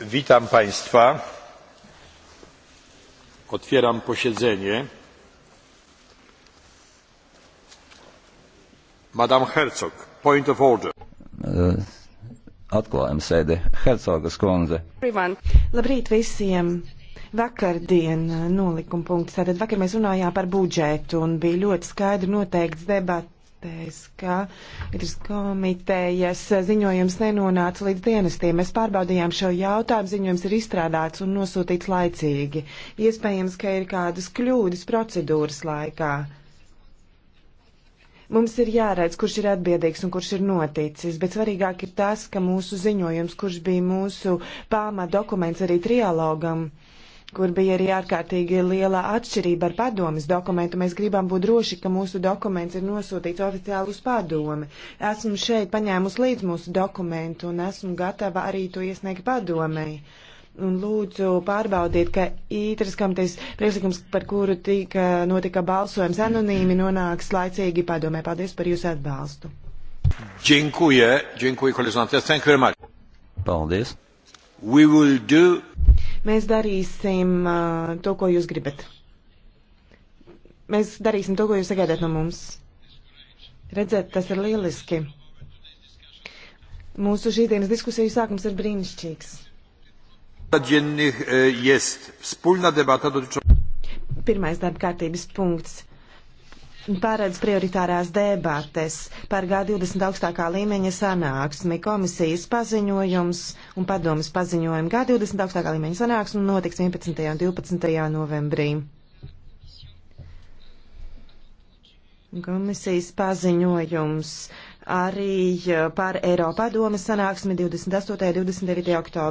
witam państwa otwieram posiedzenie madam hercog point of order e, atklājam sēdi hercogas kundze labrīt visiem Vakardien e, nolikuma punkts. Tātad vakar mēs runājām par budžetu un bija ļoti skaidri noteikts debats konstatējis, ka Igras komitejas ziņojums nenonāca līdz dienestiem. Mēs pārbaudījām šo jautājumu, ziņojums ir izstrādāts un nosūtīts laicīgi. Iespējams, ka ir kādas kļūdas procedūras laikā. Mums ir jāredz, kurš ir atbildīgs un kurš ir noticis, bet svarīgāk ir tas, ka mūsu ziņojums, kurš bija mūsu pāma dokuments arī trialogam, uh, kur bija arī ārkārtīgi liela atšķirība ar padomas dokumentu. Mēs gribam būt droši, ka mūsu dokuments ir nosūtīts oficiāli uz padomi. Esmu šeit paņēmusi līdz mūsu dokumentu un esmu gatava arī to iesniegt padomei. Un lūdzu pārbaudiet, ka ītras komitejas priekšlikums, par kuru tika notika balsojums anonīmi, nonāks laicīgi padomē. Paldies par jūsu atbalstu. Dziękuję, dziękuję koleżance. Thank you very much. Paldies. We will do Mēs darīsim uh, to, ko jūs gribat. Mēs darīsim to, ko jūs sagaidāt no mums. Redzēt, tas ir lieliski. Mūsu šīdienas diskusiju sākums ir brīnišķīgs. E, Pirmais darba kārtības punkts paredz prioritārās debates par G20 augstākā līmeņa sanāksmi, komisijas paziņojums un padomas paziņojumu. G20 augstākā līmeņa sanāksmi notiks 11. un 12. novembrī. Komisijas paziņojums arī par Eiropadomas sanāksmi 28. un 29. oktobrī.